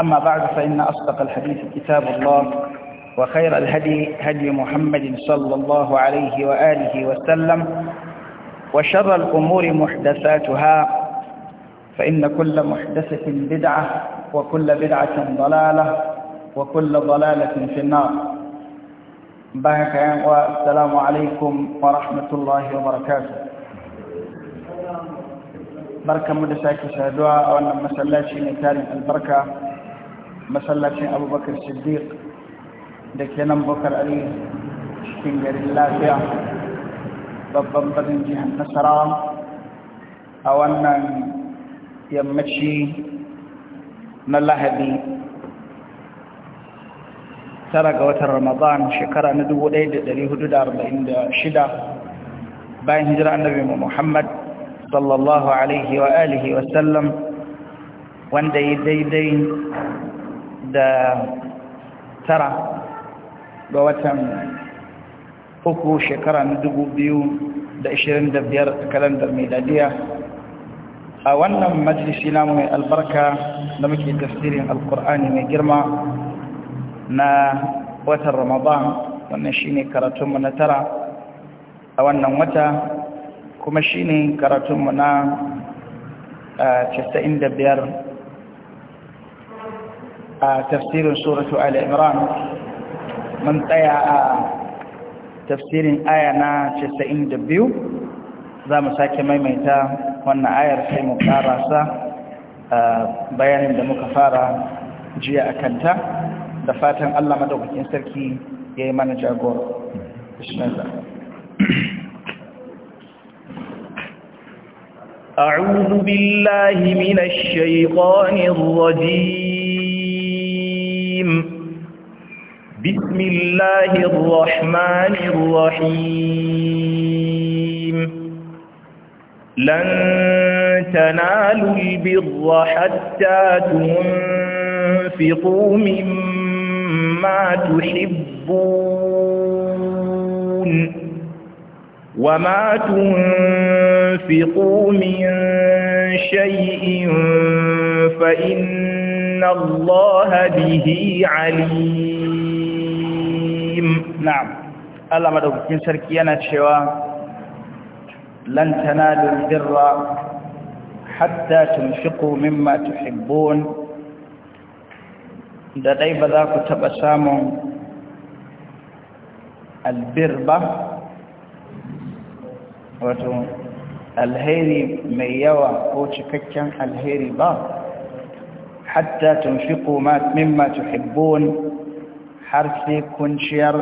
أما بعد فإن أصدق الحديث كتاب الله وخير الهدي هدي محمد صلى الله عليه وآله وسلم وشر الأمور محدثاتها فإن كل محدثة بدعة وكل بدعة ضلالة وكل ضلالة في النار بارك والسلام عليكم ورحمة الله وبركاته بركة مدساك سادوا وأن مسلاتي نتالي البركة masallacin abubakar siddiq da ke nan bakar ali cikin garin lafiya babban birnin jihar nasarawa a wannan yammaci na lahadi tara ga watan ramadan shekara na 1446 bayan hijira annabi muhammad sallallahu alaihi wa alihi wasallam wanda ya daidai da tara ga watan uku shekara na dubu biyu da ishirin da biyar kalandar miladiya a wannan majalisi namu mai albarka da muke tafsirin alkur'ani mai girma na watan ramadan wannan shine karatunmu na tara a wannan wata kuma shine karatunmu na 95 eh, a tafsirin suratu al mun tsaya a tafsirin aya na 92 za mu sake maimaita wannan ayar sai mu karasa bayanin da muka fara jiya a kanta da fatan Allah madaukakin sarki ya yi mana jagora أعوذ بالله من الشيطان الرجيم الرجيم بسم الله الرحمن الرحيم لن تنالوا البر حتى تنفقوا مما تحبون وما تنفقوا من شيء فإن إن الله به عليم نعم الله مدوكين سركيانا شوا لن تنالوا البر حتى تنفقوا مما تحبون da dai ba za ku taɓa samun albir ba wato alheri mai yawa ko cikakken alheri ba hatta tunfiqu mimma tuhibbun har sai kun ciyar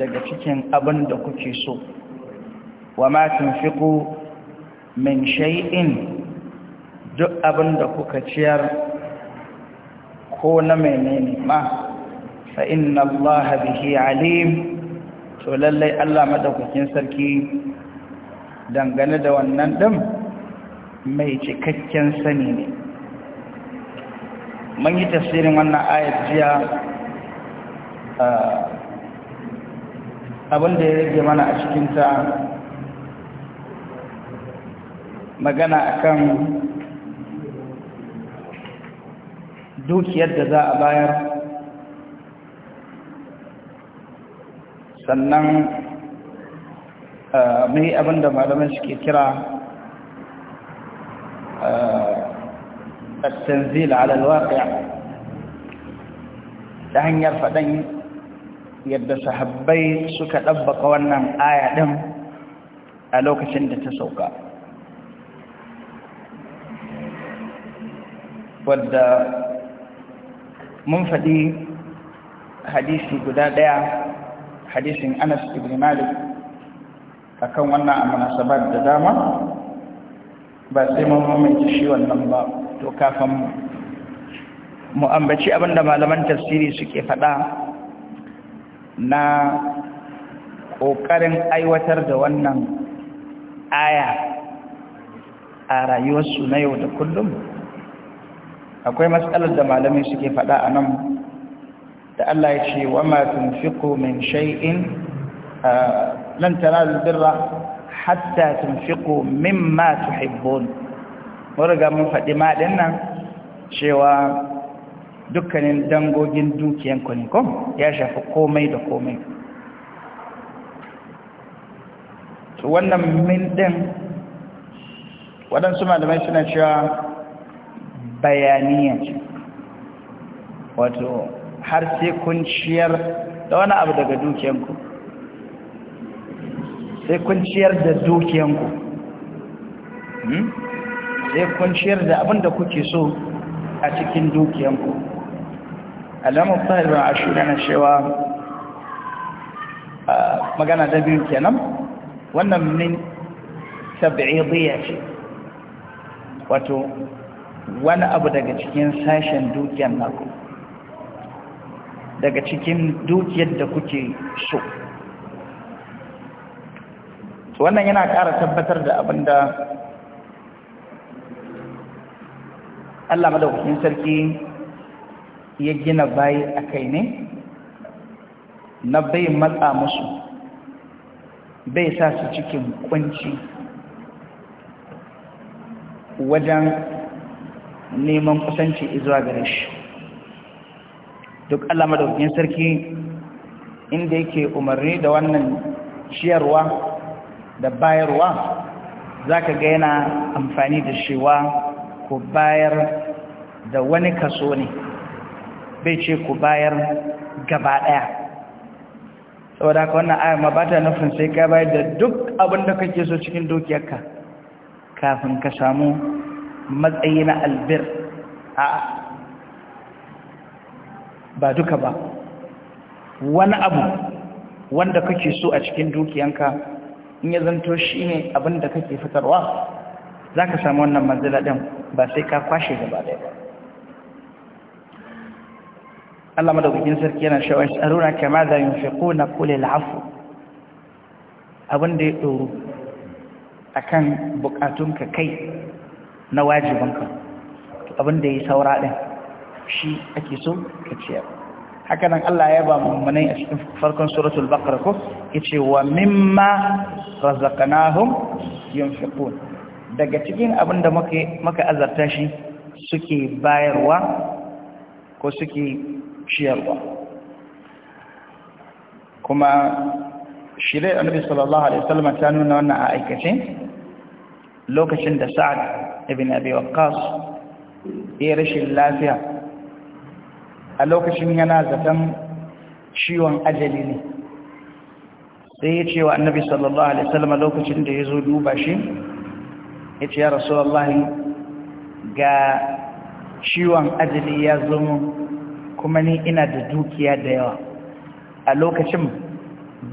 daga cikin abin da kuke so wa ma tunfiqu min shay'in duk abin da kuka ciyar ko na menene ma fa inna Allah bihi alim to lallai Allah madaukakin sarki dangane da wannan din mai cikakken sani ne mun yi tafsirin wannan ayat jiya abinda da ya rage mana a cikinta magana akan dukiyar da za a bayar sannan mai abin malamai suke kira التنزيل على الواقع لأن يرفع دين يبدس حبي سكة أبقى ونم آية دم ألوك سند تسوقا ود منفدي حديثي قداد حديثي أنس ابن مالك فكون أمنا سبب دداما بس ما هو من تشيو النمبر to kafin mu ambaci abinda malaman tasiri suke faɗa na ƙoƙarin aiwatar da wannan aya a rayuwarsu na yau da kullum akwai matsalar da malamai suke faɗa a nan da Allah ya ce wa ma tunfiqu min shay'in lan tanalu birra hatta min mimma tuhibbun ga mun faɗi maɗin nan cewa dukkanin dangogin dukiyan kwanikon ya shafi komai da komai wannan min ɗin waɗansu malamai suna cewa bayaniyar ce wato har sai kun ciyar da wani abu daga dukiyanku sai kun ciyar da dukiyanku hmm? zai kun ciyar da abin da kuke so a cikin dukiyanku alamun sahibin ashura na cewa magana da biyu kenan wannan min tabi'idiyya ce wato wani abu daga cikin sashen dukiyar naku daga cikin dukiyar da kuke so wannan yana ƙara tabbatar da abin da Allah madaukakin sarki ya gina bayi a kai ne na bai matsa musu bai sa su cikin kunci wajen neman kusanci izuwa gare shi duk Allah madaukakin sarki inda yake umarni da wannan ciyarwa da bayarwa za ka ga yana amfani da shewa ku bayar da wani kaso ne bai ce ku bayar gaba ɗaya saboda haka wannan ayar ma ba ta nufin sai ka bayar da duk abin da kake so cikin dukiyarka kafin ka samu matsayi na albir a ba duka ba wani abu wanda kake so a cikin dukiyanka in ya zanto shi ne abin da kake fitarwa za ka samu wannan manzila ɗin ba sai ka kwashe gaba ɗaya ba Allah madaukakin sarki yana shawar tsaruna kama da yin fiƙo na kule la'afu abin da ya ɗoro a kan buƙatunka kai na wajibinka abin da ya saura ɗin shi ake so ka ciyar haka nan Allah ya ba mummunai a cikin farkon suratul ku ko yace wa mimma yin fiƙo. daga cikin abin da maka azarta shi suke bayarwa ko suke ciyarwa kuma shirya annabi sallallahu alaihi wasallam ta nuna wannan a aikace lokacin da sa'ad ibn abi waqqas ya rashin lafiya a lokacin yana zaton ciwon ajali ne sai ya ce wa annabi sallallahu alaihi wasallam lokacin da ya zo duba shi ya ce ya rasulallahi ga ciwon ajali ya zo kuma ni ina da dukiya da yawa a lokacin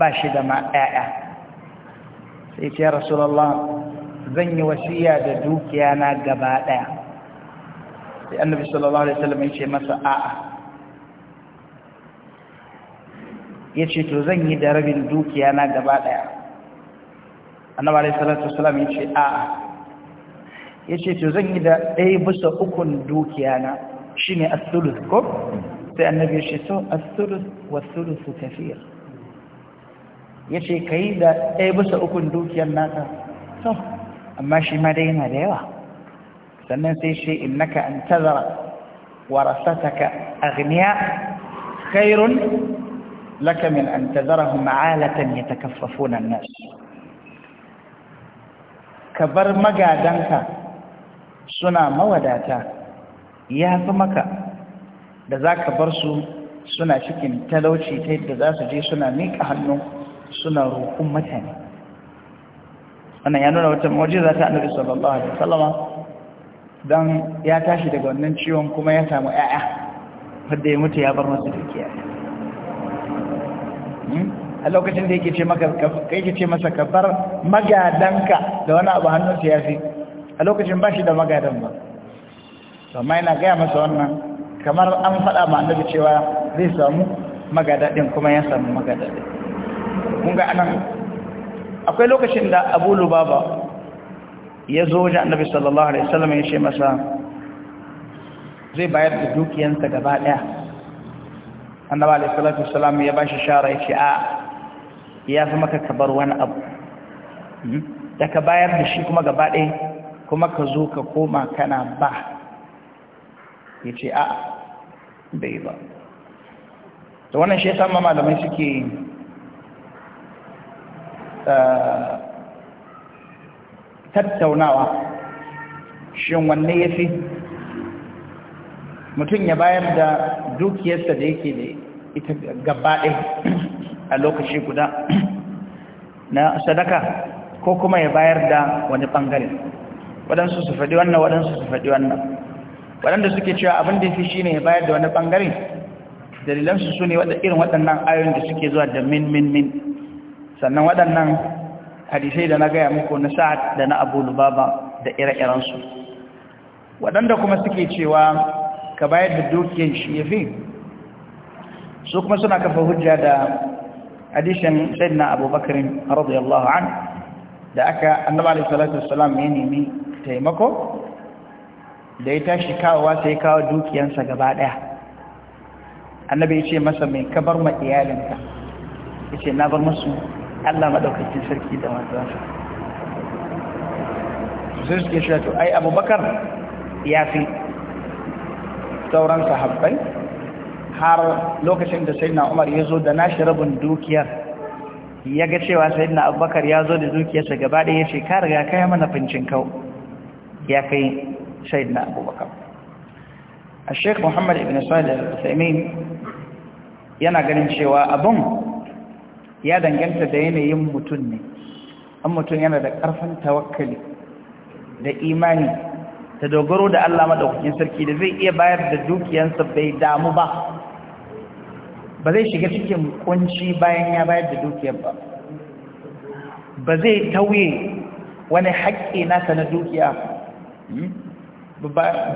ba shi da ma'a'a sai ce ya rasulallah zan yi wasiya da dukiya na gaba ɗaya sai annabi sallallahu alaihi wasallam ya ce masa a'a ya ce to zan yi da rabin dukiya na gaba ɗaya annabi alaihi salatu wasallam ya ce a'a ya ce to zan yi da ɗaya bisa ukun dukiya na shi ne asulus ko sai annabi ya ce to asulus wasulus su tafiya ya ce ka yi da ɗaya bisa ukun dukiyar naka to amma shi ma dai yana da yawa sannan sai shi innaka an tazara rasataka aghniya khairun laka min an tazarahum alatan yatakaffafuna an-nas ka bar magadanka suna mawadata ya fi maka da za ka bar su suna cikin talauci ta yadda za su je suna miƙa hannu suna roƙon mutane wannan ya nuna wata za ta annabi sallallahu alaihi wasallama dan ya tashi daga wannan ciwon kuma ya samu 'ya'ya. wanda ya mutu ya bar masa dukiya hmm? a lokacin da yake ce maka kai ce masa ka bar magadanka da wani abu hannunsa ya fi a lokacin ba shi da magadan ba amma yana gaya masa wannan kamar an faɗa ma annabi cewa zai samu magadaɗin kuma ya samu magadaɗin kun ga anan akwai lokacin da abu lubaba ya zo wajen annabi sallallahu alaihi wasallam ya ce masa zai bayar da dukiyansa gaba ɗaya annabi alaihi salatu wasallam ya bashi shara ya ce a ya fi maka kabar wani abu hmm? da ka bayar da shi kuma gaba ɗaya kuma ka zo ka koma kana ba ya ce a bai ba da wannan shi ya malamai suke eh, tattaunawa shin wanne ya fi mutum ya bayar da dukiyarsa da yake da ita gabaɗe a lokaci guda na sadaka ko kuma ya bayar da wani ɓangare waɗansu su faɗi wannan waɗansu su faɗi wannan waɗanda suke cewa abin da fi shi ne bayar da wani ɓangare dalilansu su ne irin waɗannan ayoyin da suke zuwa da min min min sannan waɗannan hadisai da na gaya muku na sa'ad da na abu lubaba da ire-irensu waɗanda kuma suke cewa ka bayar da dukiyar shi ya fi su kuma suna kafa hujja da hadishin sayyidina abubakarin radiyallahu an da aka annabi alaihi salatu salam ya nemi taimako da ya tashi kawowa sai kawo dukiyansa gaba ɗaya annabi ya ce masa mai kabar ma iyalinka ya ce na bar masu allah maɗaukakin sarki da matansa sai suke shi to ai abubakar ya fi sauran sahabbai har lokacin da sai na umar ya zo da nashi rabin dukiyar ya ga cewa na abubakar ya zo da dukiyarsa gaba ɗaya ya ce ka riga kai mana fincin kau ya kai shaidina abubakar a sheik muhammad ibn salih al usaimin yana ganin cewa abin ya danganta da yanayin mutum ne an mutum yana da ƙarfin tawakkali da imani ta dogaro da allah maɗaukakin sarki da zai iya bayar da dukiyansa bai damu ba ba zai shiga cikin kunci bayan ya bayar da dukiyar ba ba zai tauye wani haƙƙi nasa na dukiya Hmm?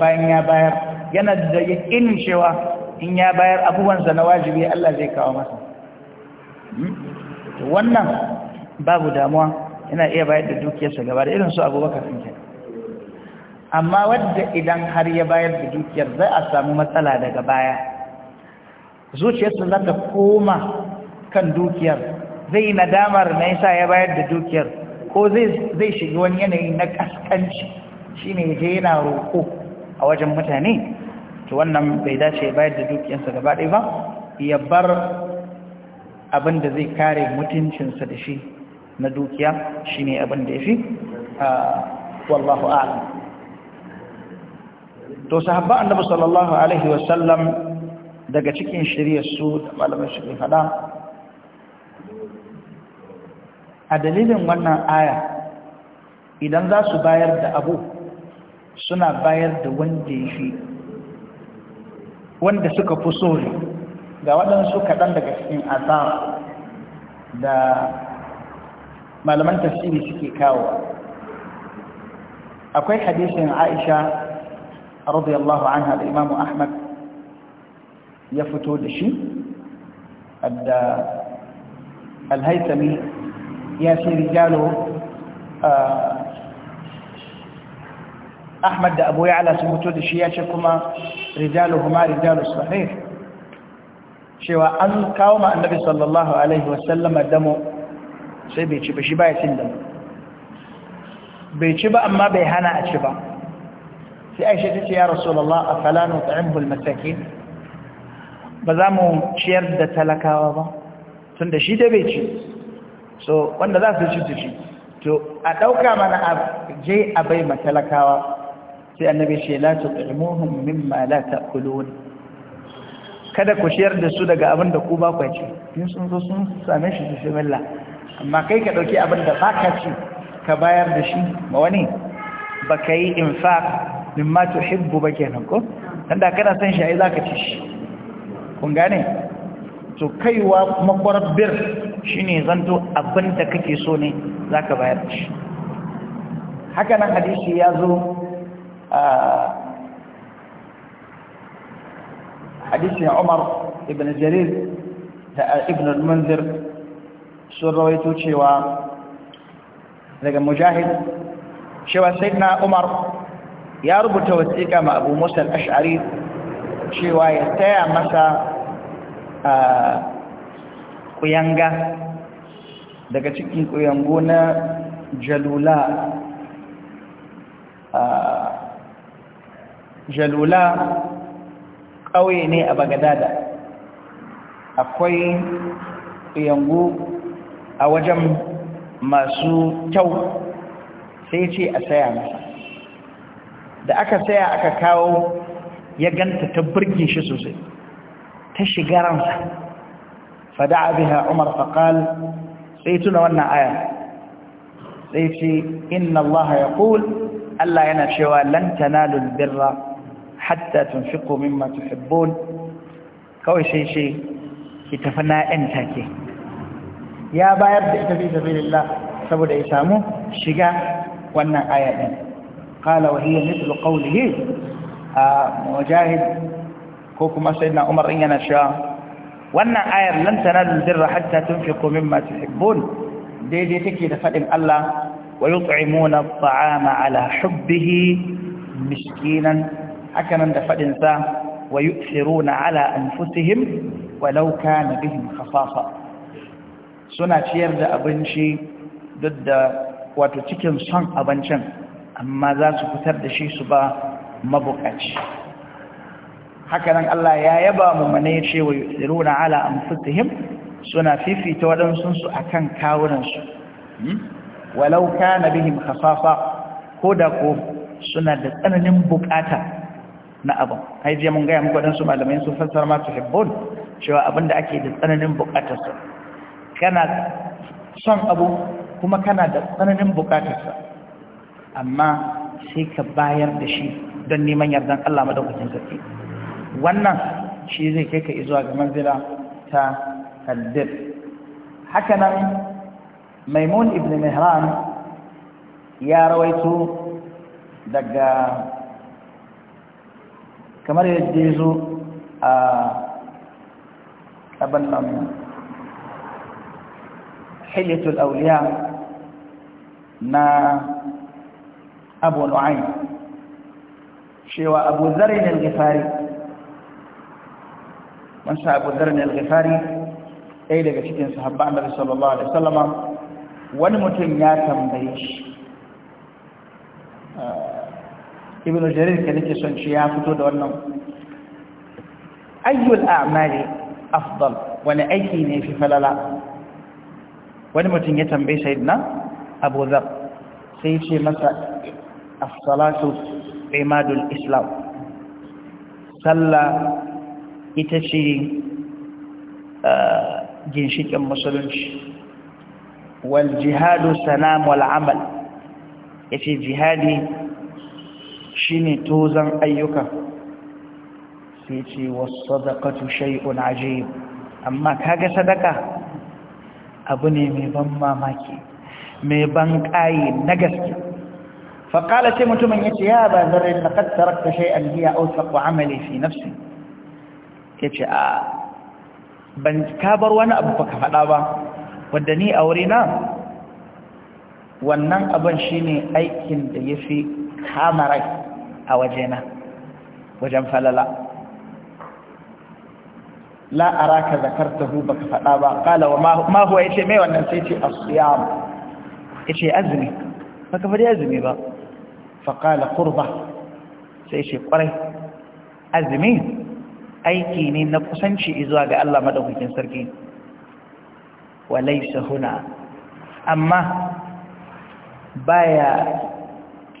bayan ya bayar yana da yakinin cewa in ya bayar abubuwansa na wajibi Allah zai kawo masa hmm? wannan babu damuwa yana iya bayar da dukiyarsa gaba da irin su abubakar ɗinke amma wadda idan har ya bayar da dukiyar zai a samu matsala daga baya zuciyarsa za ta koma kan dukiyar zai nadamar na yasa ya bayar da dukiyar ko zai shiga wani yanayi na kaskanci Shi ne ya yana roƙo a wajen mutane to wannan bai dace bayar da dukiyarsa gaba ɗaya ba ya bar abin da zai kare mutuncinsa da shi na dukiya Shi ne abin da ya a wallahu a'lam to sahabba annabi sallallahu alaihi wasallam daga cikin shiriyar su da malamin suke fada a dalilin wannan aya idan za su bayar da abu suna bayar da wanda ya fi wanda suka fi so ne ga waɗansu kaɗan daga cikin azar da malaman tasiri suke kawo akwai hadisin aisha radiyallahu anha da imamu ahmad ya fito da shi da alhaitami ya ce rijalo ah, ahmad da abu ya'ala sun fito da shi ya ce kuma rijalu huma rijalu sahih cewa an kawo ma annabi sallallahu alaihi wasallama damo sai bai ci ba shi ba ya damo bai ci ba amma bai hana a ci ba sai aisha ta ce ya rasulallah a falano ta'imhul mataki ba za mu ciyar da talakawa ba tun da shi da bai ci so wanda za su ci su ci to a ɗauka mana a je a bai matalakawa sai annabi ce la tut'imuhum mimma la ta'kulun kada ku shiyar da su daga abin da ku ba ku ci in sun zo sun same shi su bismillah amma kai ka dauki abin da ba ka ci ka bayar da shi ma wani ba ka yi infaq mimma tuhibbu ba kenan ko dan da kana san shi ai zaka ci shi kun gane to kaiwa makwarabbir shine zanto abin da kake so ne zaka bayar da shi haka nan hadisi ya zo hadisin umar ibn jarir da ibn munzir sun rawaito cewa daga mujahid cewa sayyidina umar ya rubuta wasiƙa ma abu musa al-ash'ari cewa ya taya masa kuyanga daga cikin kuyango na jalula jalula ƙauye ne a bagadada akwai yangu a wajen masu kyau sai ce a saya masa da aka saya aka kawo ya ganta ta birgin shi sosai ta shiga ransa fada biha umar faƙal sai tuna wannan aya sai ce inna allaha ya Allah yana cewa lantana lulbirra hatta tunfiqu mimma tuhibbun kawai sai sai ki tafi na ɗan take ya bayar da ita bi sabilillah saboda ya samu shiga wannan aya din qala wa hiya mithlu qawlihi mujahid ko kuma sayyidina umar in yana cewa wannan ayar lan tanalu dirra hatta tunfiqu mimma tuhibbun daidai take da fadin Allah wa yut'imuna at'ama ala hubbihi miskinan haka nan da faɗinsa wa na ala anfusihim walauka na bihin hafafa. suna ciyar da abinci duk da wato cikin son abincin amma za su fitar da shi su ba mabukaci haka nan Allah ya yaba mu ya ce wa na ala anfusihim suna fifita waɗansu a kan kawunansu hmm? Walauka na bihin hafafa ko da ko suna da tsananin bukata na abin mun gaya muku su malamai sun fassar masu hibbon cewa da ake da tsananin bukatarsa kana son abu kuma kana da tsananin bukatarsa amma sai ka bayar da shi don neman yardan Allah madaukakin sarki wannan shi zai kai ka izuwa ga manzila ta haddir haka nan maimun ibn mihran ya rawaito daga kamar yadda ya zo a abin nan hilyatul auliya na abu nu'ayn cewa abu zarin al-ghifari man sa abu zarin al-ghifari ɗaya daga cikin sahabba annabi sallallahu alaihi wasallama wani mutum ya tambaye shi ibn jarir ka nake son shi ya fito da wannan ayyul a'mali afdal wani aiki ne fi falala wani mutum ya tambaye sayyidina abu zar sai ya ce masa as-salatu imadul islam sallah ita ce ginshikin musulunci wal jihadu sanam wal amal yace jihadi ne tozan ayyuka sai ce wasu wasadaqatu shay'un ajib amma kaga sadaka abu ne mai ban mamaki mai ban kayi na gaske fa qala sai mutumin ce ya ba zarri ta tarakta shay'an hiya awsaq amali fi nafsi ce a ban ka bar wani abu ba ka fada ba wanda ni aure na wannan abin shine aikin da ya yafi kamarai a wajena wajen falala la araka zakartahu baka faɗa ba qala wa ma huwa yace mai wannan sai ce as-siyam yace azumi baka fadi azumi ba fa qala qurba sai ce kwarai azumi aiki ne na kusanci zuwa ga Allah madaukakin sarki wa laysa huna amma baya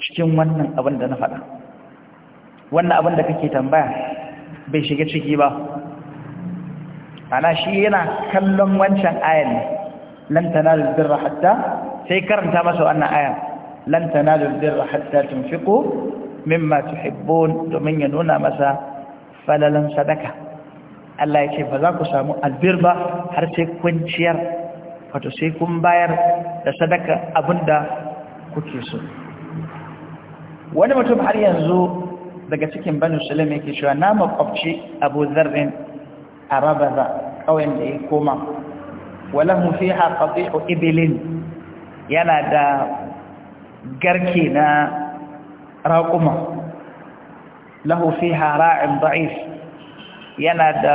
cikin wannan abin da na faɗa wannan abin da kake tambaya bai shiga ciki ba ana shi yana kallon wancan ayan ne lan tanalul birra hatta sai karanta masa wannan aya. lan tanalul birra hatta tunfiqu mimma tuhibbun domin ya nuna masa falalan sadaka Allah ya ce ba za ku samu albirba har sai kun ciyar wato sai kun bayar da sadaka abinda kuke so wani mutum har yanzu daga cikin banu sulaim yake cewa na makwabci abu zarrin a rabaza ƙauyen da ya koma walahu fiha qati'u ibilin yana da garke na raƙuma lahu fiha ra'in da'if yana da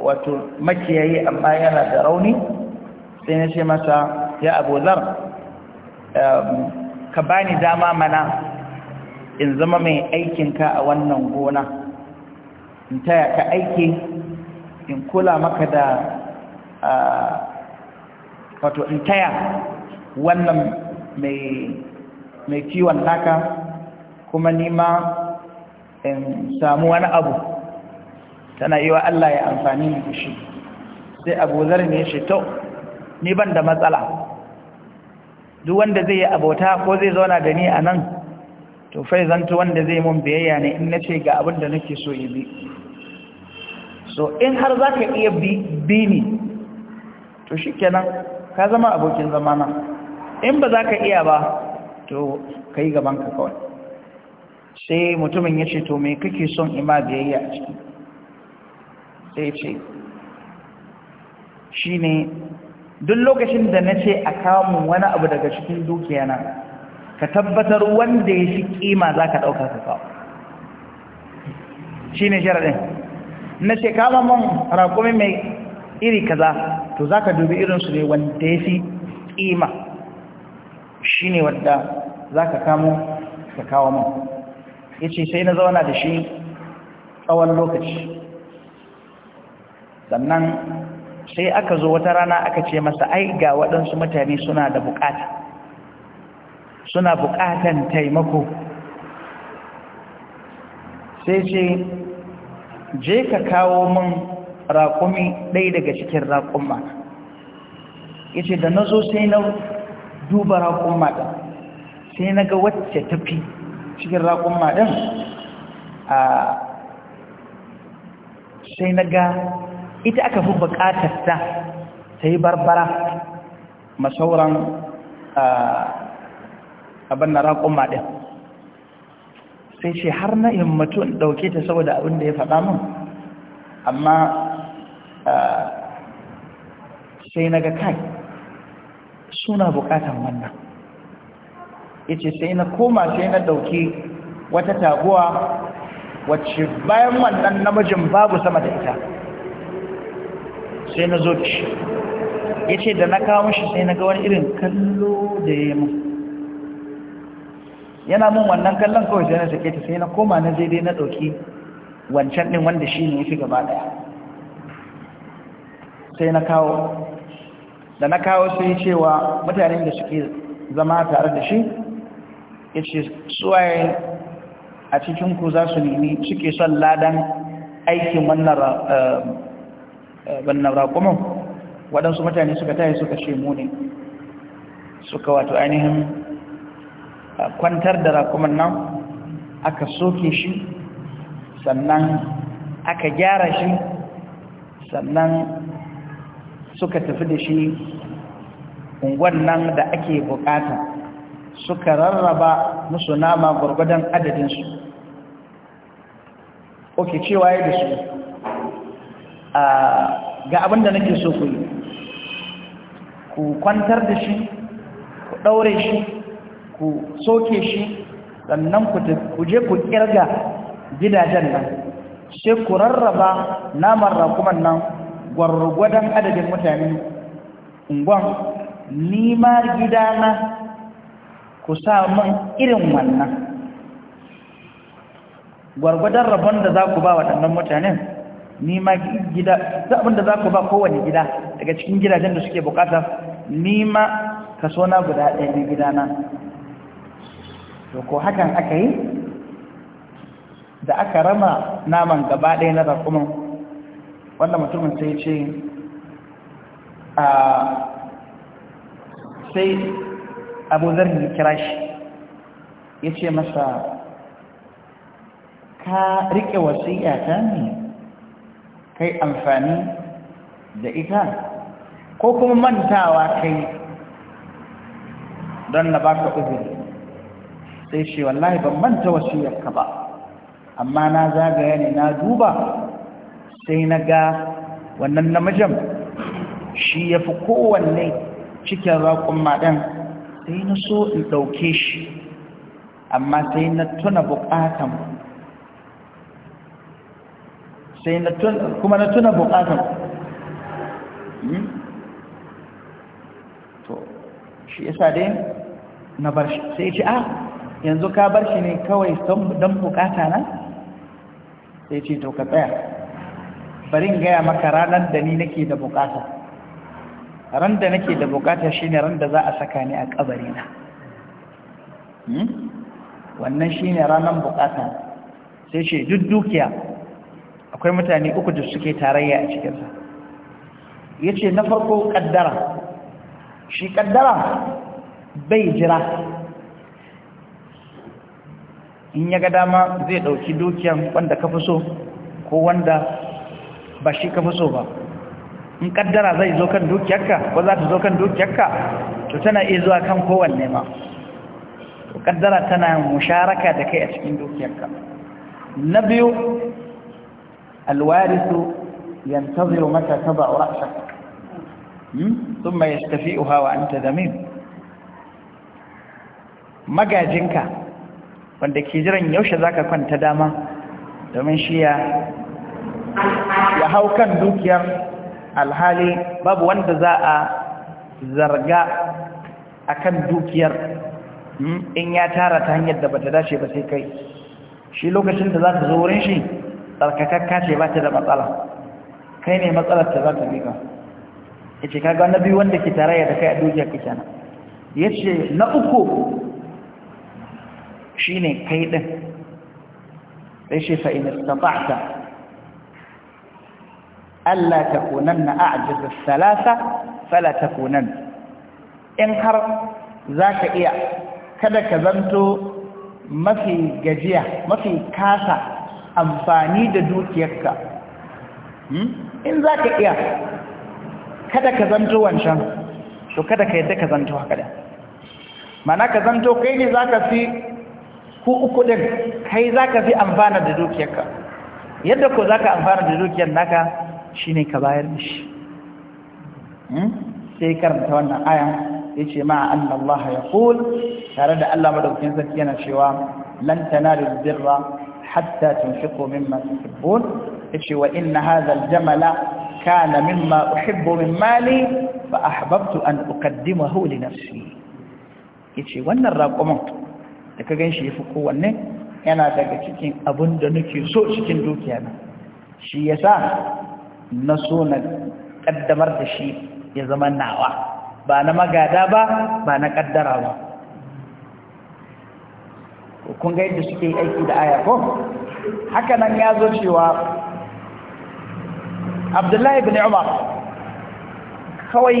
wato makiyayi amma yana da rauni sai na ce masa ya abu zar um, ka bani dama mana in zama mai aikinka a wannan gona in taya ka aiki in kula maka da wato in taya wannan mai kiwon naka kuma nima in samu wani abu tana yi wa Allah ya amfani da shi sai abu zar ne shi to ni ban da matsala duk wanda zai yi abota ko zai zauna da ni a nan to fai zanto wanda zai mun biyayya ne in nace ga abin da nake so yi bi so in har za ka iya bi ni to shi kenan ka zama abokin zamana in ba za ka iya ba to ka yi ka kawai sai mutumin ya ce to me kake son ima biyayya a ciki sai ce shi ne duk lokacin da na ce a kamun wani abu daga cikin dukiyana ka tabbatar wanda ya shi kima za ka ɗauka ka kawo shi ne sharaɗin na ce kama mun raƙumi mai iri kaza to za ka dubi irinsu ne wanda ya fi kima shi ne wadda za ka kamo ka kawo mun ya ce sai na zauna da shi tsawon lokaci sannan sai aka zo wata rana aka ce masa ai ga waɗansu mutane suna da buƙata suna buƙatan taimako sai ce je ka kawo min raƙumi ɗaya daga cikin raƙumma ya ce da na zo sai na duba raƙumma ɗin sai na ga wacce tafi cikin raƙumma ɗin a sai na ga ita aka fi buƙatar ta ta yi barbara masauran abin na raƙon maɗin sai ce har na yin in ɗauke ta saboda abin da ya faɗa min amma sai na ga kai suna buƙatar wannan ya ce sai na koma sai na ɗauki wata taguwa wacce bayan wannan namijin babu sama da ita sai na zo shi. ya ce da na kawo shi sai na ga wani irin kallo da ya yi mun yana mun wannan kallon kawai sai na sake ta sai na koma na zai dai na ɗauki wancan ɗin wanda shi ne ya fi gaba ɗaya sai na kawo da na kawo sai cewa mutanen da suke zama tare da shi ya ce suwaye a cikinku za su nemi suke son ladan aikin wannan eh, eh, raƙumin waɗansu mutane suka taye suka ce mu ne suka wato ainihin kwantar da rakuman nan aka soke shi sannan aka gyara shi sannan suka tafi da shi ungwan nan da ake bukata suka rarraba musu nama gwargwadon adadinsu oke cewa ya da su ga abin da nake so ku yi ku kwantar da shi ku ɗaure shi ku soke shi sannan ku je ku kirga gidajen nan sai ku rarraba naman rakuman nan gwargwadon adadin mutane ungon nima gidana ku sa min irin wannan gwargwadon rabon da za ku ba waɗannan mutanen nima gida zaɓin da za ku ba kowane gida daga cikin gidajen da suke bukata nima kaso na guda ɗaya ne gidana to ko hakan aka yi da aka rama naman gaba ɗaya na rakumin wanda mutumin sai ce a sai abu zargi kira shi ya ce masa ka riƙe wasi'ata ne kai amfani da ita ko kuma mantawa kai don na baka uzuri sai shi wallahi ban manta wasiyarka ba amma na zagaya ne na duba sai na ga wannan namijin shi ya fi kowanne cikin raƙon maɗan sai na so in ɗauke shi amma sai na tuna buƙatan sai na tuna kuma na tuna buƙatan hmm? to shi yasa dai na bar shi sai ce ah yanzu ka bar shi ne kawai don bukata na sai ce to ka tsaya barin gaya maka ranar da ni nake da bukata ran da nake da bukata shine ran da za a saka ni a kabari na hmm? wannan shi ne ranar bukata sai ce duk dukiya akwai mutane uku da suke tarayya a cikinsa ya ce na farko kaddara shi kaddara bai jira in ya ga dama zai ɗauki dukiyan wanda ka fi so ko wanda ba shi ka fi so ba in kaddara zai zo kan dukiyarka ko za ta zo kan dukiyarka to tana iya zuwa kan kowanne ma to kaddara tana musharaka da kai a cikin dukiyarka na biyu alwarisu yantaziru mata taba ra'sa hmm? tafi yastafi'uha wa anta damim magajinka wanda ke jiran yaushe za ka kwanta dama domin shi ya hau kan dukiyar alhali babu wanda za a zarga a kan dukiyar hmm, in ya tara ta hanyar da bata dace ba sai kai shi lokacin da za ka zo wurin shi tsarkakakka ce ba ta da matsala kai ne matsalar ta za ta bi ka ya ce kaga na biyu wanda ke tarayya da kai a dukiyar kai kenan ya ce na uku shine kai din sai shi fa in istata'ta alla takunanna a'jiz as-salasa fala takunan in har zaka iya kada ka zanto mafi gajiya mafi kasa amfani da dukiyarka hmm? in za ka iya kada ka zanto wancan to kada ka yadda ka zanto haka da mana ka zanto kai ne za ka fi ko uku din kai zaka fi amfana da dukiyarka yadda ko zaka amfana da dukiyar naka shine ka bayar da shi hmm sai karanta wannan aya yace ma ma'a an Allah ya kul tare da Allah madaukakin sarki yana cewa lan tanalu birra hatta tunfiqu mimma tuhibbun yace wa inna hadha al mimma uhibbu min mali fa ahbabtu an uqaddimahu li nafsi yace wannan الرقم da ka gan shi ya fi kowanne yana daga cikin abin da nake so cikin dukiya na shi ya sa na so na ƙaddamar da shi ya zama nawa ba na magada ba ba na ƙaddara ba kun ga yadda suke aiki da aya ko haka nan ya zo cewa abdullahi bin umar kawai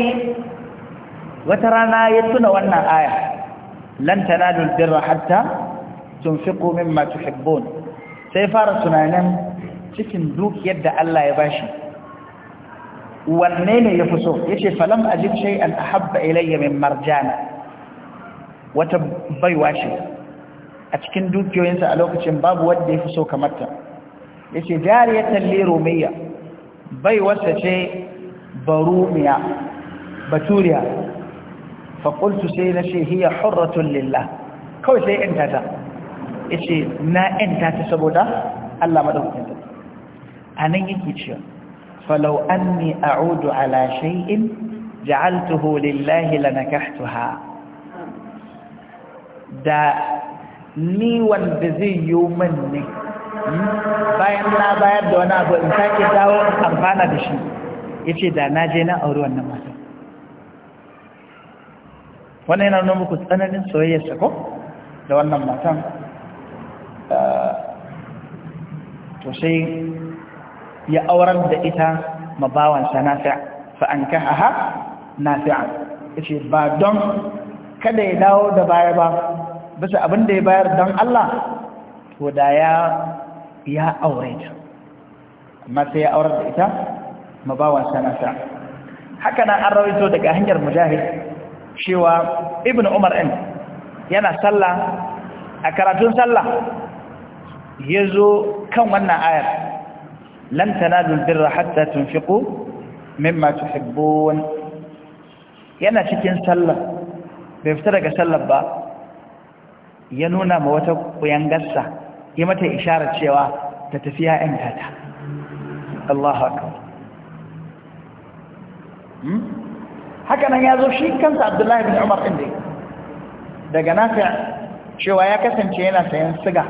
wata rana ya tuna wannan aya lan tanalu albirra hatta tunfiqu mimma tuhibbun sai fara tunanin cikin dukiyar da Allah ya bashi wanne ne yafi so yace falam ajid shay'an ahabba ilayya min marjana wata baiwa ce a cikin dukiyoyinsa a lokacin babu wanda yafi so kamar ta yace jariyatan li rumiya baiwarsa ce barumiya baturiya faƙultu sai na ce hiya hurratun lillah kawai sai ‘yanta ta ce na ‘yanta ta saboda Allah maɗaukakin ta a nan yake cewa falau an ni a udu ala lillahi da ni wanda zai yi man ne bayan na bayar da wani abu in sake dawo amfana da shi ya ce da na je na auri wannan masu. wannan yana nuna muku tsananin soyayyarsa ko da wannan matan eh, to sai ya auren da ita mabawansa nafi'a fa'anka aha nafi'a ce ba don kada ya dawo da baya ba bisa abin da ya bayar don Allah to da ya aure ta amma sai ya auren da ita mabawansa nafi'a haka na an rawaito daga hanyar mujahid cewa ibn umar ɗin yana sallah a karatun sallah ya zo kan wannan ayar lantana tanalul birra hatta tunfiqu mimma tuhibbun yana cikin sallah bai fita daga sallah ba ya nuna ma wata gassa ya mata isharar cewa ta tafi ya'yan tata haka nan ya zo shi kansa abdullahi bin umar ɗin dai daga nafi'a cewa ya kasance yana sayan siga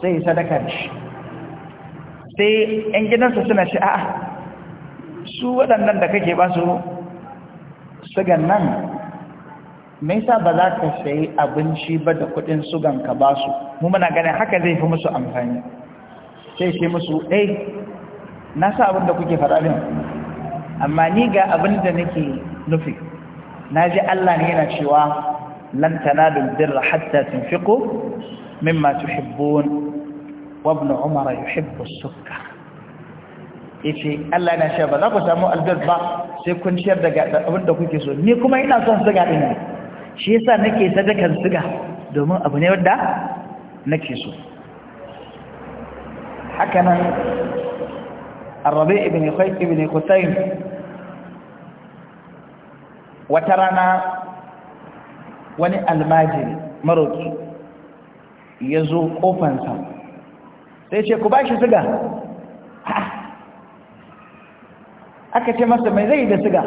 sai yi sadaka da shi sai ‘yan gidansa suna shi a'a su waɗannan da kake ba su sigan nan mai sa ba za ka sayi abinci ba da kuɗin sugan ka ba su mu muna ganin haka zai fi musu amfani sai shi musu ɗai eh, na sa abin da kuke faɗa din amma ni ga abin da nake nufi na ji Allah ne yana cewa lan tanadul birra hatta tunfiqu mimma tuhibbun wa ibn umar yuhibbu as-sukka ce Allah yana shi ba za ku samu albir ba sai kun ciyar daga abin da kuke so ni kuma ina son suga din ne shi yasa nake sadakan suga domin abu ne wanda nake so haka nan الربيع Ibn خيث wata rana wani almajiri maroki ya zo kofansa sai ce ku ba shi siga aka ce masa mai zai da siga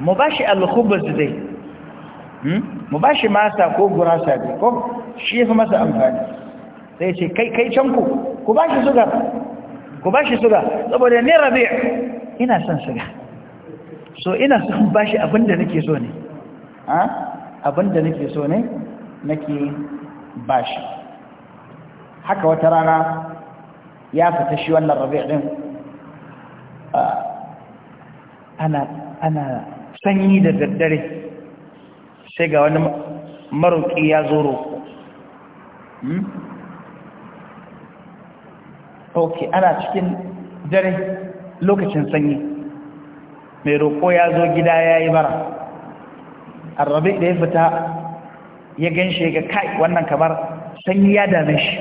mu ba shi alhubus zai hmm? mu ba shi masa ko gurasa dai ko shi ya fi masa amfani sai ce kai kai canku ku ba shi suga ku ba shi suga saboda ne rabi ina son siga so ina son bashi abin da nake so ne abin da nake so ne nake bashi haka wata rana ya fita shi wannan rabi din ah, ana ana sanyi da daddare sai ga wani maroƙi ya zo roƙo hmm? ok ana cikin dare lokacin sanyi mai roƙo ya zo gida ya yi bara arrabe da ya fita ya gan shi ga kai wannan kamar sanyi ya dame shi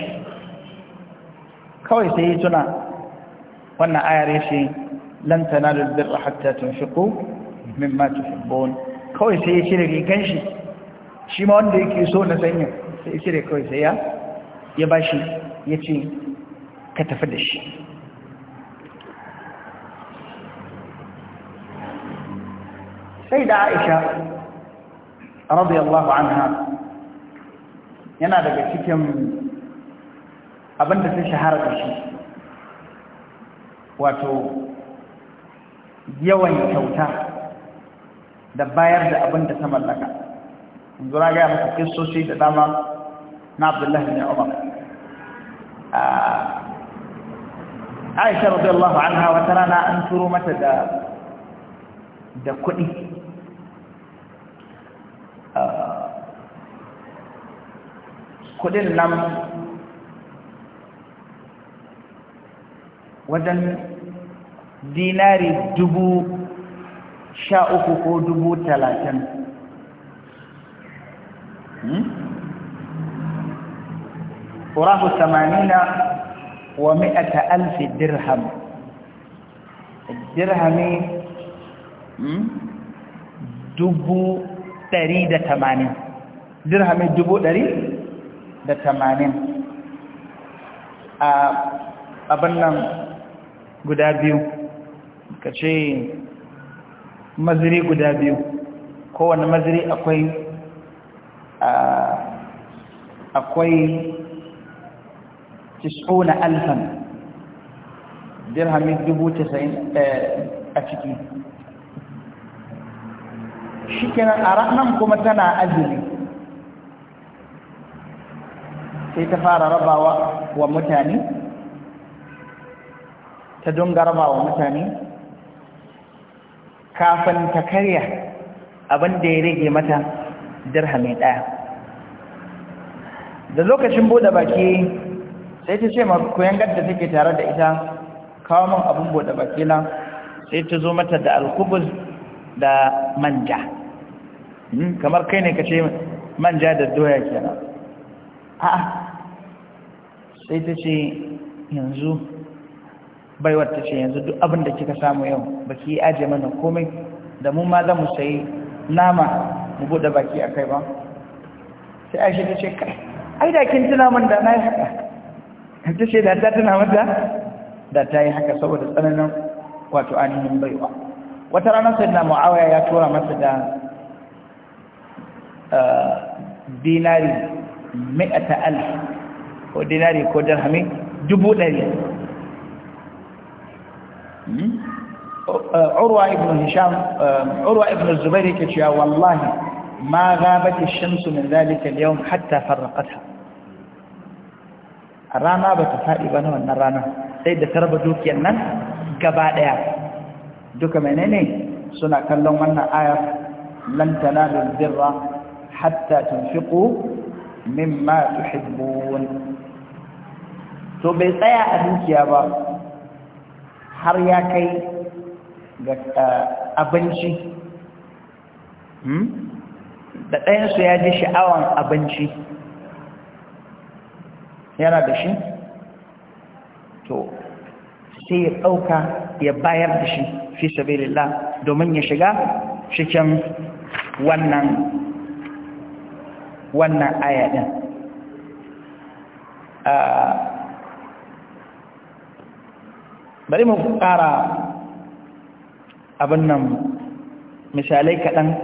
kawai sai ya tuna wannan ayar ya ce lan tanalu birra hatta min mimma tuhibbun kawai sai ya cire rigan shi shi ma wanda yake so na sanya sai ya cire kawai sai ya ya bashi ya ce ka tafi da shi sai da aisha radiyallahu anha yana daga cikin abinda ta shahara da shi wato yawan kyauta da bayar da abinda ta mallaka zura gaya maka kistoci da dama na abdullahi ne umar aisha radiyallahu anha wata rana an turo mata da kuɗi kudin nan wajen dinari dubu sha uku ko dubu talatin ƙurahu hmm? samanina wa mi'ata alfi dirham dirhami hmm, dubu ɗari da tamanin dirhamin dubu ɗari da tamanin a abin nan guda biyu ka ce maziri guda biyu kowane maziri akwai akwai tis'una alfan dirhamin dubu tasa'in eh, a ciki shi kenan a ranar kuma tana azumi sai ta fara rabawa wa mutane ta dunga rabawa mutane kafin ta karya abin da ya rage mata dirhami ɗaya da lokacin bude baki sai ta ce ma koyan gadda take tare da ita kawo min abin bude baki na sai ta zo mata da alkubus da manja hmm? kamar kai ne ka ce manja da doya kenan a'a sai ta ce yanzu baiwar ta ce yanzu duk abin da kika samu yau baki yi aje mana komai da mu ma za mu sayi nama mu buɗe baki a kai ba sai aisha ta ce kai ai da kin tuna min da na yi haka ta ce da ta tuna mata da ta yi haka saboda tsananin wato ainihin baiwa wata rana sayyidina muawiya ya tura masa da dinari mi'ata alf ko dinari ko dirhami dubu ɗari urwa ibn hisham urwa ibn zubair yake cewa wallahi ma ghabat ash-shamsu min dhalika al-yawm hatta farraqatha rana ba ta fadi ba na wannan rana sai da tarba dukiyar nan gaba daya duka menene suna kallon wannan ayar lan tanalu birra hatta tunfiqu mimma tuhibbun to bai tsaya a dukiya ba har ya kai ga eh, abinci hmm? da ɗayansu ya ji sha'awan abinci yana da shi to sai ya ɗauka ya bayar da shi fi sabilillah domin ya shiga cikin wannan wannan aya din ah, bari mu ƙara abin nan misalai kaɗan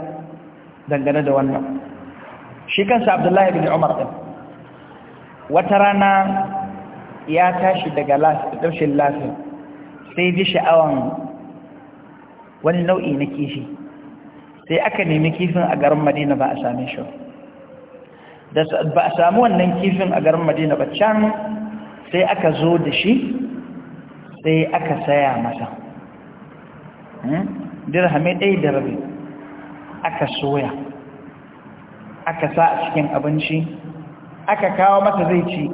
dangane da wannan shi kansa abdullahi bin umar ɗin wata rana ya tashi daga ɗarshin lafi sai ji sha'awan wani nau'i na kishi sai aka nemi kifin a garin madina ba a same shi da ba a samu wannan kifin a garin madina ba can sai aka zo da shi sai aka saya masa hmm? dirhami ɗaya da rabi aka soya aka sa a cikin abinci aka kawo masa zai ci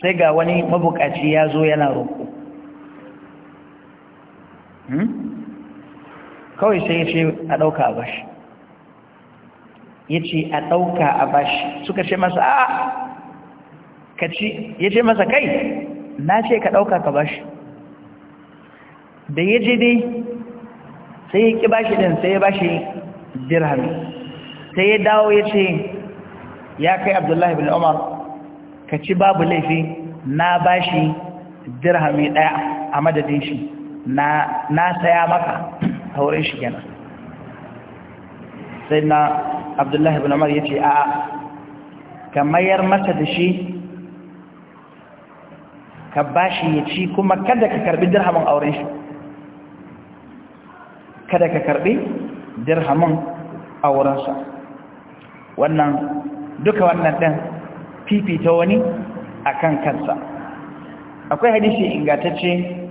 sai ga wani mabukaci ya zo yana roƙo Hmm? kawai sai ya ce a ɗauka a bashi ya ce a ɗauka a bashi suka ce masa a ka ci ya ce masa kai na ce ka ɗauka ka bashi da ya je dai sai ya ƙi bashi ɗin sai ya bashi dirhami sai ya dawo ya ce ya kai abdullahi bin umar ka ci babu laifi na bashi dirhami ɗaya a madadin shi na na saya maka a shi kenan sai na abdullahi ibn umar yace a ka mayar masa da shi ka bashi ya ci kuma kada ka karbi dirhamin auren shi kada ka karbi dirhamin sa wannan duka wannan din fifita wani akan kansa akwai hadisi ingantacce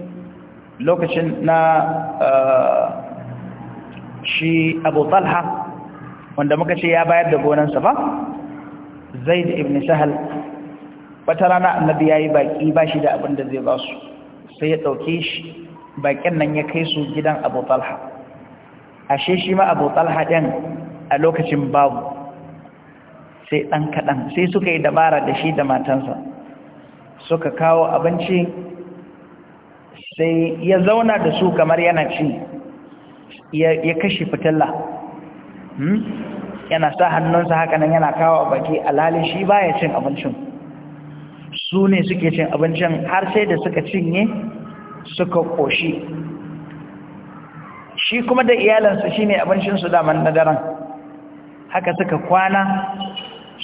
lokacin na uh, shi abu talha wanda muka ce ya bayar da gonansa ba da ibn sahal wata rana annabi yi baƙi ba shi da abin da zai ba su sai ya ɗauki shi baƙin nan ya kai su gidan abu talha ashe shi ma abu talha ɗin a lokacin babu sai ɗan kaɗan? sai suka yi dabara da shi da matansa suka kawo abinci sai ya zauna da su kamar yana ci ya kashe fitilla hmm? yana sa hannunsa hakanan yana kawo a baki alhalin shi baya cin abincin su ne suke cin abincin har sai da suka cinye suka koshi shi kuma da iyalansa shi ne abincinsu daman na daren haka suka kwana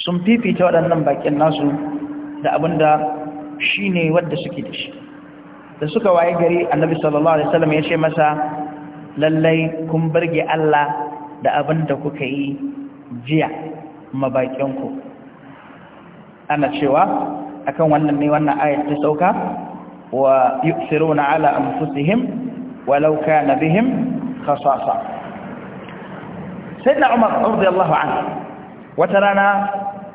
sun fifita waɗannan bakin nasu da abin da shi ne wadda suke da shi da suka waye gari annabi sallallahu alaihi wasallam ya ce masa lallai kun burge Allah da abin da kuka yi jiya mabakinku ana cewa akan wannan ne wannan ayat ta sauka wa yusiruna ala anfusihim walau kana bihim khasasa sayyidina umar radiyallahu anhu wata rana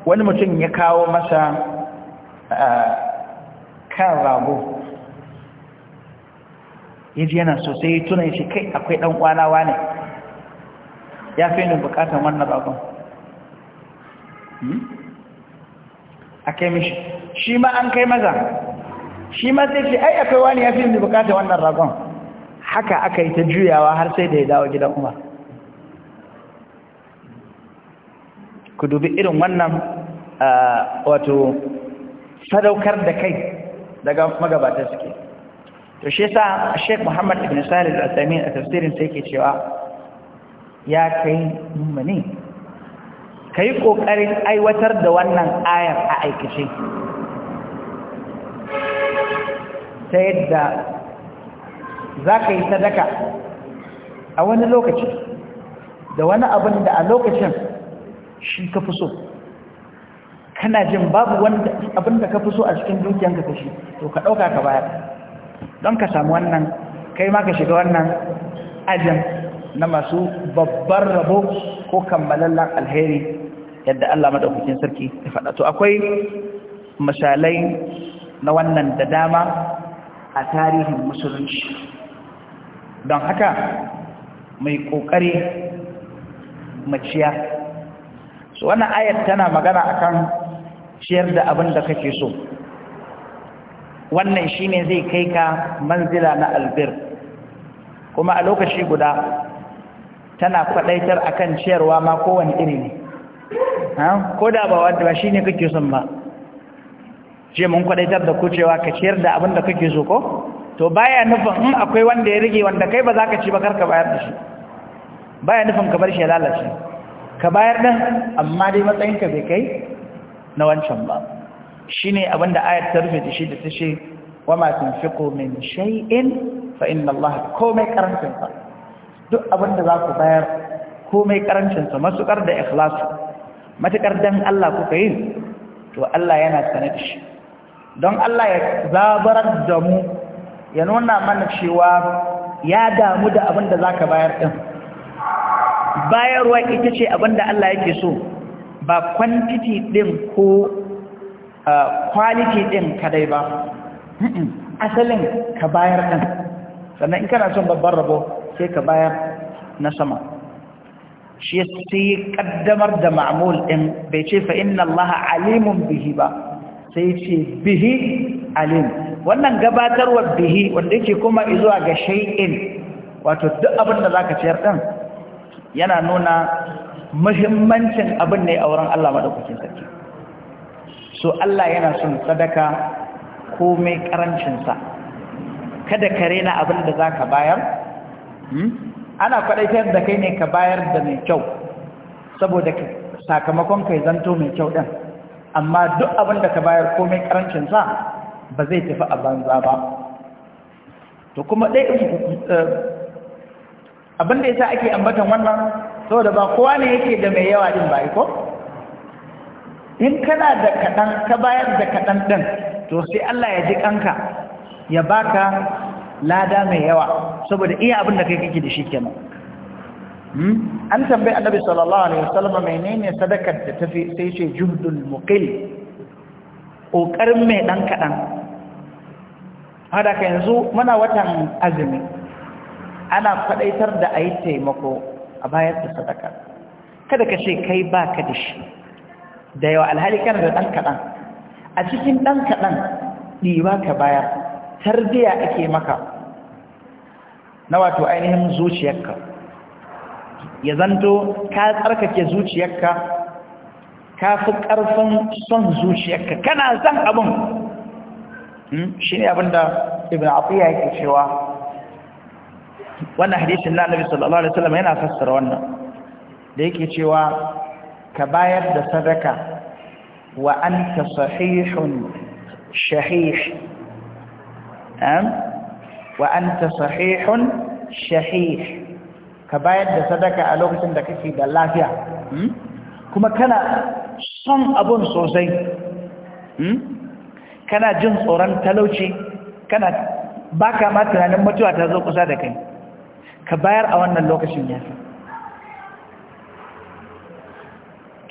wani mutum ya kawo masa ah, kan rago yaji yana sosai ya tuna shi kai akwai ɗan kwana ne ya fi ni buƙatar wannan babban a kai mishi shi ma an kai maza shi ma sai ce ai akwai wani ya fi ni buƙatar wannan ragon haka aka yi ta juyawa har sai da ya dawo gidan umar ku dubi irin wannan ah, wato sadaukar da kai daga magabata suke to shi yasa Sheikh Muhammad ibn Salih al-Uthaymeen a tafsirin sai yake cewa ya kai mummuni kai kokarin aiwatar da wannan ayar a aikace ta yadda za ka yi sadaka a wani lokaci da wani abin da a lokacin shi ka fi so kana jin babu abin da ka fi so a cikin dukiyanka ka shi to ka ɗauka ka bayar don ka samu wannan kai ma ka shiga wannan ajin na masu babbar rabo ko kammalallan alheri yadda Allah madaukakin sarki ya faɗa to akwai misalai na wannan da dama a tarihin musulunci don haka mai ƙoƙari maciya su wannan ayat tana magana akan ciyar da abin da kake so wannan shi ne zai kai ka manzila na albir kuma a lokaci guda tana kwadaitar kan ciyarwa ma kowane iri ne ko da ba wanda ba shi ne kake son ba ce mun kwadaitar da kucewa ka ciyar da abin da kake so ko to baya nufin in akwai wanda ya rige wanda kai ba za ka ci ba karka bayar da shi baya nufin ka bar shi ya lalace ka bayar ɗin amma dai matsayinka bai kai na wancan ba Shi abin abinda ayat ta rufe shi da ta ce wa ma tunfiqu min shay'in fa inna Allah komai karancinsa sa duk abinda za ku bayar komai karancinsa sa masukar da ikhlas matakar dan Allah kuka yi to Allah yana sanar shi don Allah ya zabarar da mu ya nuna mana cewa ya damu da abinda zaka bayar din bayarwa ita ce abinda Allah yake so ba kwantiti din ko kwaliti ɗin kadai ba asalin ka bayar ɗin sannan in kana son babbar rabo sai ka bayar na sama shi sai kaddamar da ma'amul ɗin bai ce fa inna Allah alimun bihi ba sai ce bihi alim wannan gabatarwar bihi wanda yake kuma izuwa ga shay'in wato duk abin da zaka ciyar ɗin yana nuna muhimmancin abin ne a wurin Allah madaukakin sarki so Allah yana son sadaka ko mai karancinsa kada ka rena abin da za ka bayar hmm? ana kwadaitar da kai ne ka bayar da mai kyau saboda sakamakon kai zanto mai kyau ɗin amma duk abin da ka bayar ko mai karancinsa ba zai tafi a banza ba to kuma ɗai eh, abin da ya sa ake ambatan wannan saboda ba kowa ne yake da mai yawa ɗin ba ko? in kana da kaɗan ka bayar da kaɗan ɗin to sai Allah ya ji ƙanka ya baka lada mai yawa saboda iya abin da kai kake da shi kenan hmm? an tambayi annabi sallallahu alaihi wasallam menene sadakar da tafi sai ce juhdul muqil kokarin mai dan kaɗan. hada yanzu muna watan azumi ana faɗaitar da ayi taimako a bayar da sadaka kada ka ce kai baka da shi da yawa alhali kana da ɗan kaɗan a cikin ɗan kaɗan ɗiba ka baya tarbiya ake maka na wato ainihin zuciyarka ya zanto ka tsarkake zuciyarka ka fi ƙarfin son zuciyarka kana zan hmm, abin shi ne abinda ibn afiya yake cewa wannan hadisin na nabi sallallahu alaihi wasallam yana fassara wannan da yake cewa ka bayar da sadaka wa anta sahihun shahih sahihun shahih ka bayar da sadaka a lokacin da kake da lafiya hmm? kuma kana son abun sosai hmm? kana jin tsoron talauci kana baka ma tunanin mutuwa ta zo kusa da kai ka bayar a wannan lokacin yasa.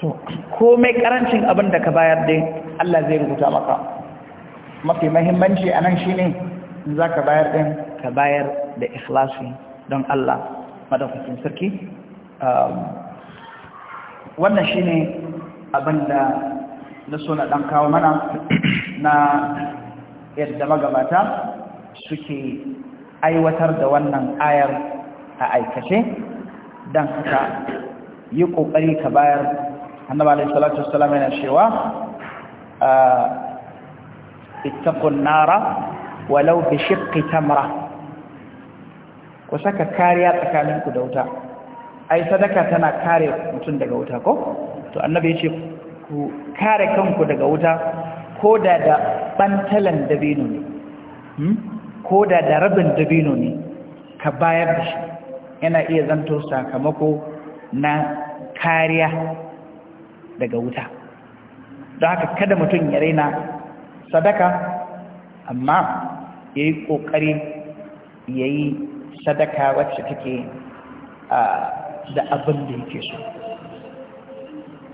to komai karancin abin da ka bayar dai Allah zai rubuta maka mafi mahimmanci a nan shi ne za ka bayar ɗin ka bayar da ikhlasi don Allah madafafin sarki um, wannan shi ne abin da na so na ɗan kawo mana na yadda magabata suke aiwatar da wannan ayar a aikace don haka yi ƙoƙari ka bayar annabi alaihi salatu wassalam yana cewa ah, ittaqun nara walau bi shiqqi tamra ku saka kariya tsakaninku da wuta ai sadaka tana kare mutum daga wuta ko to annabi yace ku kare kanku daga wuta ko da da bantalan dabino ne hmm? ko da da rabin dabino ne ka bayar da shi yana iya zanto sakamako na kariya daga wuta don haka kada mutum ya raina sadaka amma ya yi ƙoƙari ya yi sadaka wacce take da abin da yake so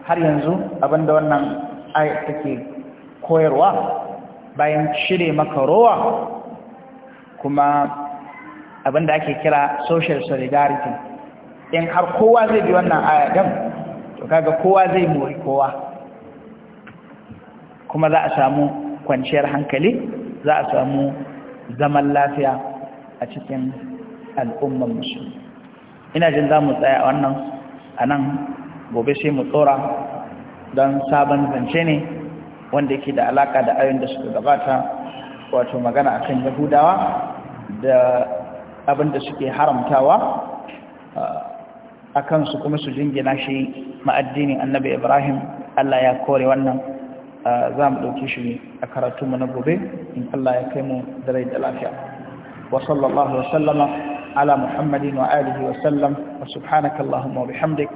har yanzu abin da wannan ayat take koyarwa bayan shirya maka rowa kuma abin da ake kira social solidarity in har kowa zai bi wannan ayadan to kaga kowa zai mori kowa kuma za a samu kwanciyar hankali za a samu zaman lafiya a cikin al'ummar musu ina jin za mu tsaya wannan a nan gobe sai mu tsora don sabon zance ne wanda yake da alaka da ayon da suka gabata wato magana akan yahudawa da abinda suke haramtawa a kansu kuma su jingina shi ma'addini annabi ibrahim allah ya kore wannan za mu ɗauki shi a karatunmu na gobe in allah ya kai mu da rai da lafiya wa sallallahu wa sallama ala muhammadin wa alihi wa sallam wa subhanaka allahumma wa bihamdik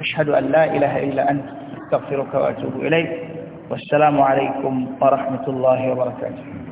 ashhadu an la ilaha illa ant astaghfiruka wa atubu ilayk wassalamu alaikum wa rahmatullahi wa barakatuh